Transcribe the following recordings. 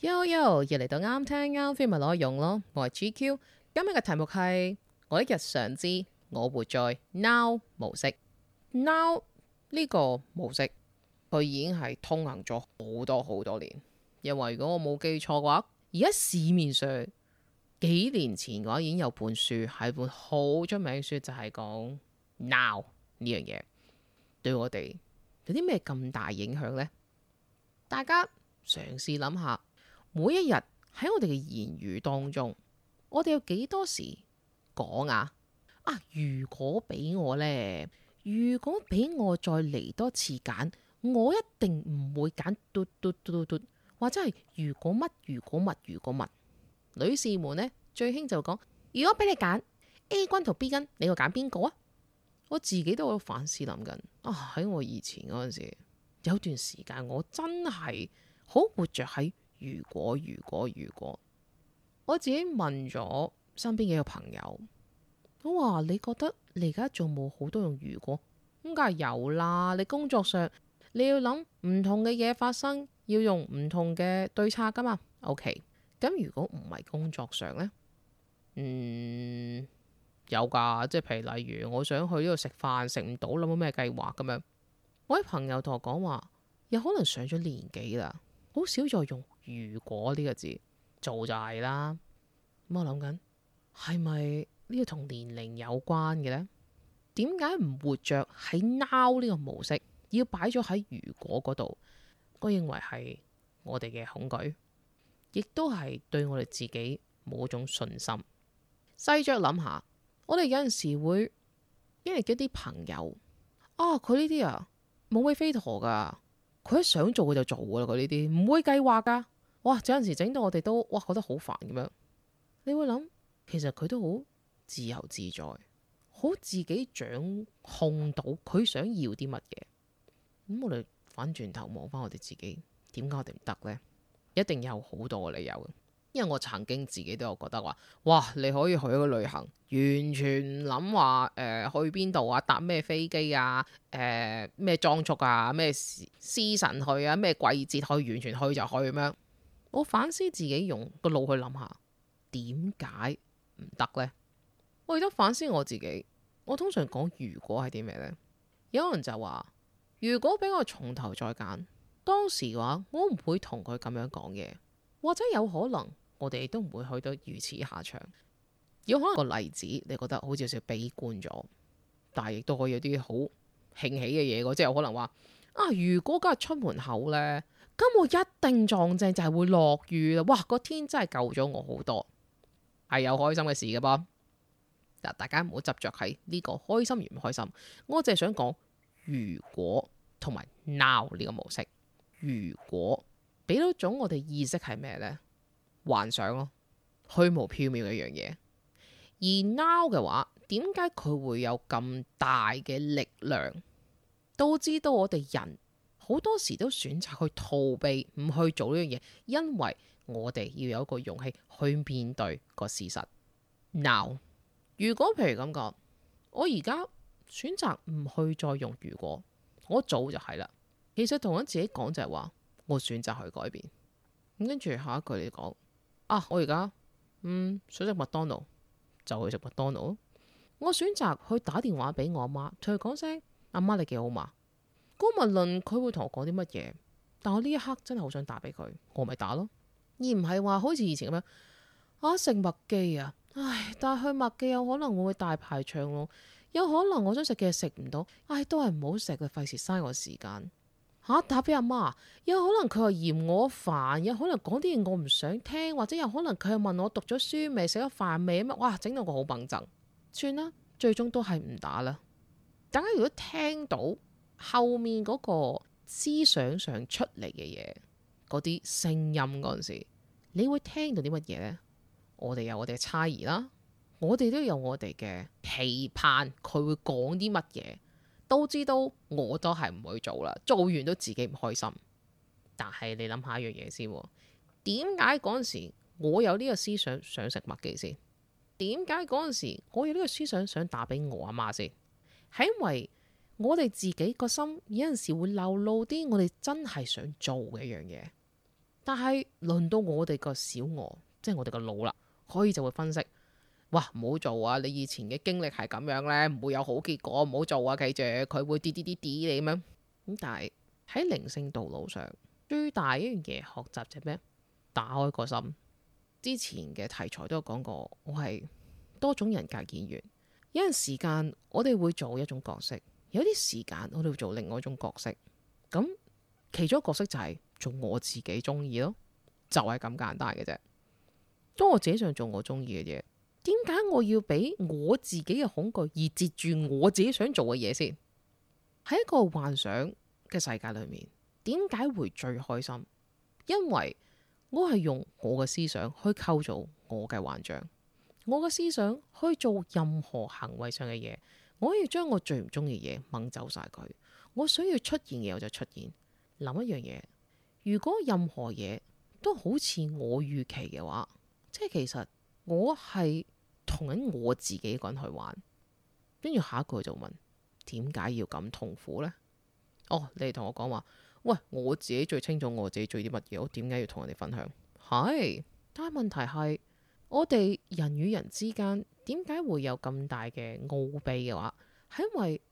Yo，又嚟到啱聽啱 feel 咪攞用咯。我係 GQ，今日嘅題目係我一日常之我活在 now 模式。now 呢個模式，佢已經係通行咗好多好多年。因為如果我冇記錯嘅話，而家市面上幾年前嘅話已經有本書係本好出名嘅書就，就係講 now 呢樣嘢對我哋有啲咩咁大影響呢？大家嘗試諗下。每一日喺我哋嘅言語當中，我哋有幾多時講啊？啊，如果俾我呢，如果俾我再嚟多次揀，我一定唔會揀。嘟嘟嘟嘟嘟，或者係如果乜如果乜如果乜，女士們呢，最興就講如果俾你揀 A 君同 B 君，你會揀邊個啊？我自己都有反思諗緊啊。喺我以前嗰陣時，有段時間我真係好活著喺。如果如果如果，我自己問咗身邊幾個朋友，咁話你覺得你而家仲冇好多用如果咁，梗係有啦。你工作上你要諗唔同嘅嘢發生，要用唔同嘅對策噶嘛。OK，咁如果唔係工作上呢？嗯，有噶，即係譬如例如我想去呢度食飯，食唔到諗到咩計劃咁樣。我啲朋友同我講話，有可能上咗年紀啦，好少再用。如果呢個字做就係啦，咁我諗緊，係咪呢個同年齡有關嘅呢？點解唔活着喺 now 呢個模式，要擺咗喺如果嗰度？我認為係我哋嘅恐懼，亦都係對我哋自己冇種信心。細酌諗下，我哋有陣時會因為一啲朋友啊，佢呢啲啊冇尾飛陀噶，佢一想做佢就做噶啦，佢呢啲唔會計劃噶。哇！有陣時整到我哋都哇，覺得好煩咁樣。你會諗，其實佢都好自由自在，好自己掌控到佢想要啲乜嘢。咁、嗯、我哋反轉頭望翻我哋自己，點解我哋唔得呢？一定有好多嘅理由。因為我曾經自己都有覺得話，哇！你可以去一個旅行，完全唔諗話誒去邊度啊，搭咩飛機啊，誒咩裝束啊，咩時，時辰去啊，咩季節去，完全去就去咁、啊、樣。我反思自己用個腦去諗下，點解唔得呢？我亦都反思我自己，我通常講如果係啲咩呢？有人就話如果俾我重頭再揀，當時嘅話，我唔會同佢咁樣講嘢，或者有可能我哋都唔會去到如此下場。有可能個例子你覺得好似有少悲觀咗，但係亦都可以有啲好興起嘅嘢。即係有可能話啊，如果今日出門口呢……」咁我一定撞正就係會落雨啦，哇，個天真係救咗我好多，係有開心嘅事嘅噃。嗱，大家唔好執着喺呢個開心而唔開心，我淨係想講，如果同埋 now 呢個模式，如果俾到種我哋意識係咩呢？幻想咯，啊，虛無縹緲嘅一樣嘢。而 now 嘅話，點解佢會有咁大嘅力量？導致到我哋人好多時都選擇去逃避，唔去做呢樣嘢，因為我哋要有一個勇氣去面對個事實。Now，如果譬如咁講，我而家選擇唔去再用如果，我早就係啦。其實同緊自己講就係、是、話，我選擇去改變。咁跟住下一句嚟講，啊，我而家嗯想食麥當勞，就去食麥當勞。我選擇去打電話俾我阿媽，同佢講聲，阿媽你幾好嘛？姑勿論佢會同我講啲乜嘢，但我呢一刻真係好想打俾佢，我咪打咯，而唔係話好似以前咁樣。啊，食麥記啊，唉，但係去麥記有可能我會大排長龍，有可能我想食嘅嘢食唔到，唉、哎，都係唔好食嘅，費事嘥我時間。吓、啊、打俾阿媽，有可能佢嫌我煩，有可能講啲嘢我唔想聽，或者有可能佢係問我讀咗書未、食咗飯未啊，哇，整到我好 𤷪𤺧，算啦，最終都係唔打啦。大家如果聽到。後面嗰個思想上出嚟嘅嘢，嗰啲聲音嗰陣時，你會聽到啲乜嘢呢？我哋有我哋嘅猜疑啦，我哋都有我哋嘅期盼，佢會講啲乜嘢，都知道我都係唔會做啦，做完都自己唔開心。但係你諗下一樣嘢先，點解嗰陣時我有呢個思想想食麥記先？點解嗰陣時我有呢個思想想打俾我阿媽先？係因為。我哋自己個心有陣時會流露啲我哋真係想做嘅一樣嘢，但係輪到我哋個小我，即係我哋個腦啦，可以就會分析，哇，唔好做啊！你以前嘅經歷係咁樣咧，唔會有好結果，唔好做啊！記住佢會跌跌跌跌你咁樣咁。但係喺靈性道路上最大一樣嘢學習就係咩？打開個心之前嘅題材都有講過，我係多種人格演員，有陣時間我哋會做一種角色。有啲時間我哋會做另外一種角色，咁其中角色就係做我自己中意咯，就係咁簡單嘅啫。當我自己想做我中意嘅嘢，點解我要俾我自己嘅恐懼而截住我自己想做嘅嘢先？喺一個幻想嘅世界裏面，點解會最開心？因為我係用我嘅思想去構造我嘅幻象，我嘅思想去做任何行為上嘅嘢。我要將我最唔中意嘅嘢掹走晒佢，我想要出現嘅我就出現。諗一樣嘢，如果任何嘢都好似我預期嘅話，即係其實我係同緊我自己個人去玩。跟住下一句就問：點解要咁痛苦呢？」「哦，你哋同我講話，喂，我自己最清楚我自己做啲乜嘢，我點解要同人哋分享？係，但係問題係，我哋人與人之間。點解會有咁大嘅奧秘嘅話，係因為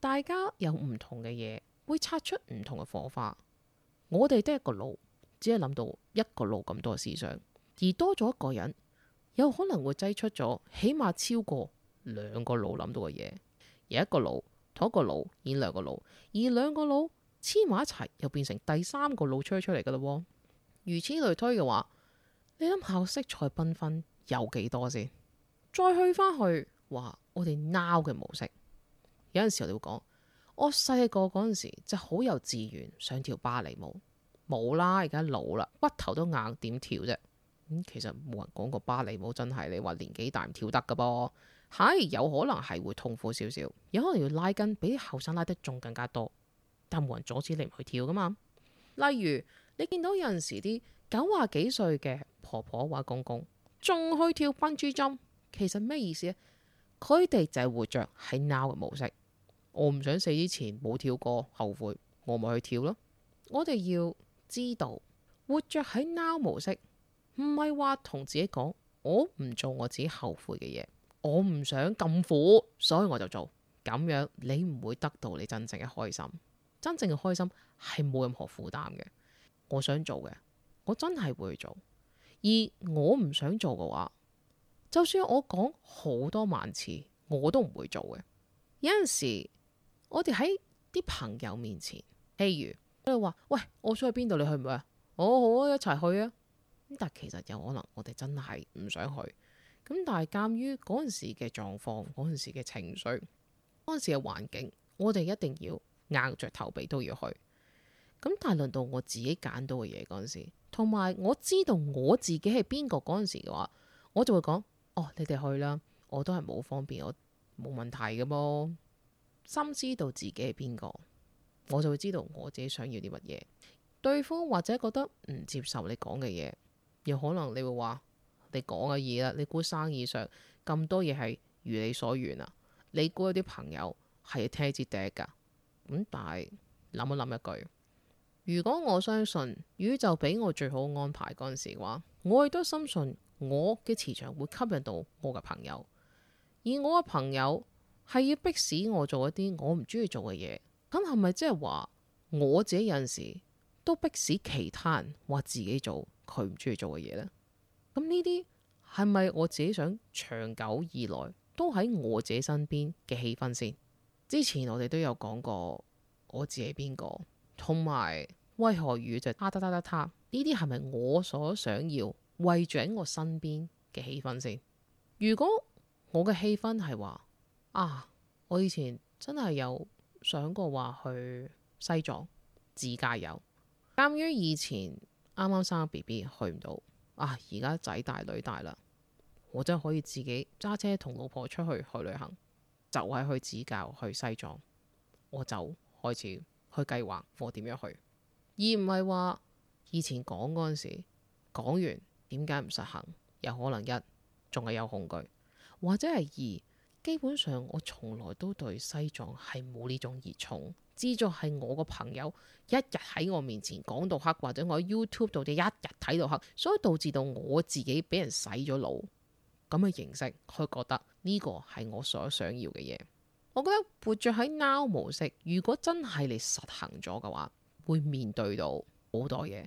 大家有唔同嘅嘢，會擦出唔同嘅火花。我哋得一個腦，只係諗到一個腦咁多嘅思想，而多咗一個人，有可能會擠出咗起碼超過兩個腦諗到嘅嘢。有一個腦同一個腦演兩個腦，而兩個腦黐埋一齊，又變成第三個腦吹出嚟㗎喇喎。如此類推嘅話，你諗下色彩繽紛有幾多先？再去返去話我哋 now 嘅模式，有陣時候我哋會講，我細個嗰陣時就好有志願，想跳芭蕾舞冇啦。而家老啦，骨頭都硬，點跳啫？咁、嗯、其實冇人講過芭蕾舞真係你話年紀大唔跳得噶噃，係、哎、有可能係會痛苦少少，有可能要拉筋，比啲後生拉得仲更加多，但冇人阻止你唔去跳噶嘛。例如你見到有陣時啲九廿幾歲嘅婆婆或公公仲去跳班珠針。其實咩意思啊？佢哋就係活着喺 NOW 嘅模式。我唔想死之前冇跳過，後悔我咪去跳咯。我哋要知道，活着喺 NOW 模式唔係話同自己講，我唔做我自己後悔嘅嘢。我唔想咁苦，所以我就做。咁樣你唔會得到你真正嘅開心。真正嘅開心係冇任何負擔嘅。我想做嘅，我真係會去做。而我唔想做嘅話，就算我講好多萬次，我都唔會做嘅。有陣時，我哋喺啲朋友面前，譬如 Hey you, 我哋話，喂，我想去邊度，你去唔去啊？哦，好啊，一齊去啊！但其實有可能我哋真係唔想去。咁但係鑒於嗰陣時嘅狀況、嗰陣時嘅情緒、嗰陣時嘅環境，我哋一定要硬着頭皮都要去。咁但係輪到我自己揀到嘅嘢嗰陣時，同埋我知道我自己係邊個嗰陣時嘅話，我就會講。哦，你哋去啦，我都係冇方便，我冇問題嘅噃。深知道自己係邊個，我就會知道我自己想要啲乜嘢。對方或者覺得唔接受你講嘅嘢，又可能你會話你講嘅嘢啦。你估生意上咁多嘢係如你所願啊？你估有啲朋友係聽之節第噶？咁但係諗一諗一句，如果我相信宇宙俾我最好安排嗰陣時嘅話，我亦都深信。我嘅磁場會吸引到我嘅朋友，而我嘅朋友係要迫使我做一啲我唔中意做嘅嘢，咁係咪即係話我自己有陣時都迫使其他人話自己做佢唔中意做嘅嘢呢？咁呢啲係咪我自己想長久以來都喺我自己身邊嘅氣氛先？之前我哋都有講過我自己邊個，同埋威嚇語就啊得得得得，呢啲係咪我所想要？為住喺我身邊嘅氣氛先。如果我嘅氣氛係話啊，我以前真係有想過話去西藏自駕遊。鑒於以前啱啱生 B B 去唔到啊，而家仔大女大啦，我真係可以自己揸車同老婆出去去旅行，就係、是、去指教去西藏，我就開始去計劃我點樣去，而唔係話以前講嗰陣時講完。點解唔實行？有可能一仲係有恐懼，或者係二。基本上我從來都對西藏係冇呢種熱衷。之所以係我個朋友一日喺我面前講到黑，或者我喺 YouTube 度就一日睇到黑，所以導致到我自己俾人洗咗腦咁嘅形式，去，覺得呢個係我所想要嘅嘢。我覺得活着喺 NOW 模式，如果真係你實行咗嘅話，會面對到好多嘢，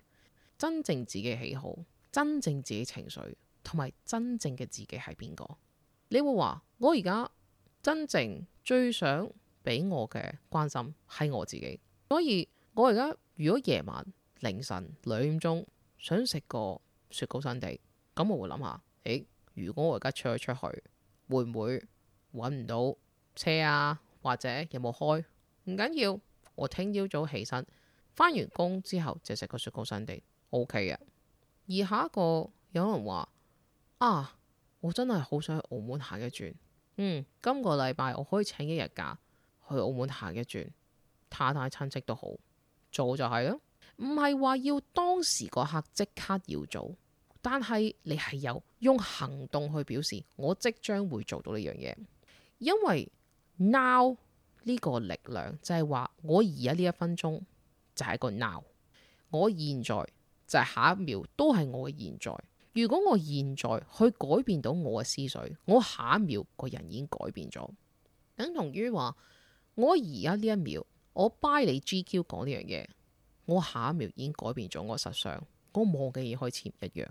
真正自己嘅喜好。真正自己情緒同埋真正嘅自己係邊個？你會話我而家真正最想俾我嘅關心係我自己，所以我而家如果夜晚凌晨兩點鐘想食個雪糕新地，咁我會諗下，誒、欸，如果我而家出去出去，會唔會揾唔到車啊？或者有冇開？唔緊要，我聽朝早起身返完工之後就食個雪糕新地，OK 嘅。OK。而下一個有人話啊，我真係好想去澳門行一轉。嗯，今個禮拜我可以請一日假去澳門行一轉，睇下睇親戚都好，做就係咯。唔係話要當時嗰刻即刻要做，但係你係有用行動去表示我即將會做到呢樣嘢，因為 now 呢個力量就係話我而家呢一分鐘就係個 now，我現在。就係下一秒都係我嘅現在。如果我現在去改變到我嘅思緒，我下一秒個人已經改變咗，等同於話我而家呢一秒我 buy 你 GQ 講呢樣嘢，我下一秒已經改變咗我實相，我望嘅嘢開始唔一樣。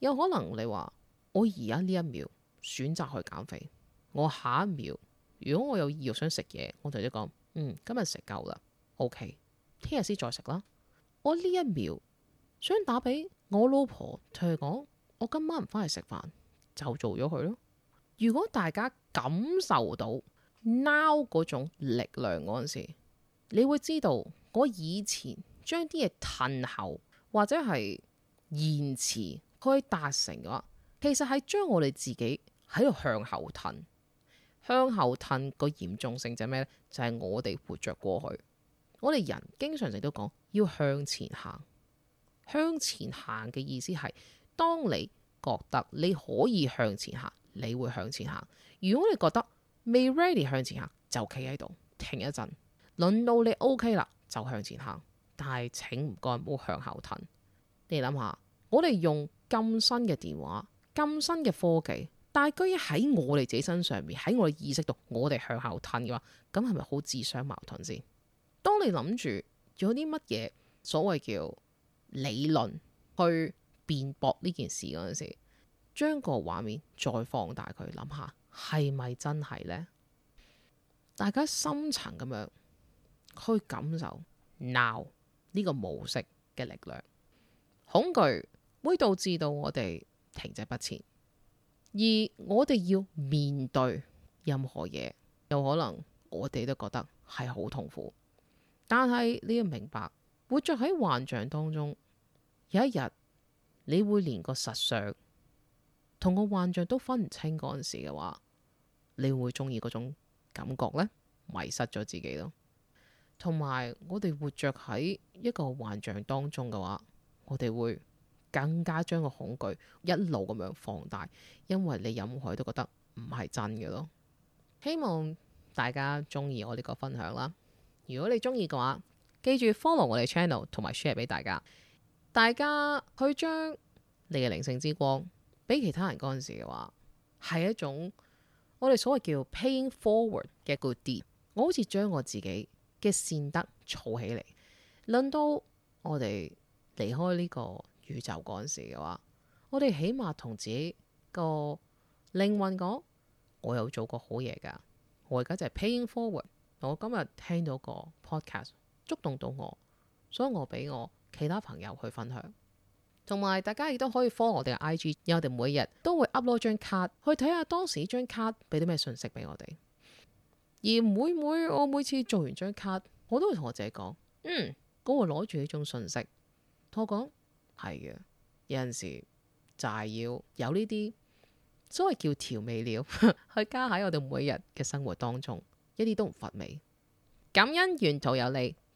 有可能你話我而家呢一秒選擇去減肥，我下一秒如果我有意欲想食嘢，我同你講嗯，今日食夠啦，OK，聽日先再食啦。我呢一秒。想打俾我老婆，同佢講，我今晚唔返嚟食飯，就做咗佢咯。如果大家感受到 NOW 嗰種力量嗰陣時，你會知道我以前將啲嘢褪後或者係延遲，佢可以達成嘅話，其實係將我哋自己喺度向後褪，向後褪個嚴重性就係咩呢？就係、是、我哋活着過去。我哋人經常成都講要向前行。向前行嘅意思係，當你覺得你可以向前行，你會向前行。如果你覺得未 ready 向前行，就企喺度停一陣。輪到你 OK 啦，就向前行。但係請唔該唔好向後褪。你諗下，我哋用咁新嘅電話、咁新嘅科技，但係居然喺我哋自己身上面，喺我哋意識度，我哋向後褪嘅話，咁係咪好自相矛盾先？當你諗住有啲乜嘢所謂叫？理論去辯駁呢件事嗰陣時，將個畫面再放大佢，諗下係咪真係呢？大家深層咁樣去感受 NOW 呢個模式嘅力量，恐懼會導致到我哋停滯不前。而我哋要面對任何嘢，有可能我哋都覺得係好痛苦。但係你要明白。活着喺幻象當中，有一日你會連個實相同個幻象都分唔清嗰陣時嘅話，你會中意嗰種感覺呢？迷失咗自己咯。同埋我哋活着喺一個幻象當中嘅話，我哋會更加將個恐懼一路咁樣放大，因為你任何都覺得唔係真嘅咯。希望大家中意我呢個分享啦。如果你中意嘅話，記住 follow 我哋 channel 同埋 share 俾大家，大家去將你嘅靈性之光俾其他人嗰陣時嘅話，係一種我哋所謂叫 paying forward 嘅 good deed。我好似將我自己嘅善德儲起嚟，輪到我哋離開呢個宇宙嗰陣時嘅話，我哋起碼同自己個靈魂講，我有做過好嘢㗎。我而家就係 paying forward。我今日聽到個 podcast。觸動到我，所以我俾我其他朋友去分享，同埋大家亦都可以 follow 我哋嘅 IG，因為我哋每日都會 upload 張卡去睇下當時呢張卡俾啲咩信息俾我哋。而每每我每次做完張卡，我都會同我自己講：嗯，嗯我會攞住呢種信息，同我講係嘅。有陣時就係、是、要有呢啲所謂叫調味料 去加喺我哋每日嘅生活當中，一啲都唔乏味。感恩沿途有你。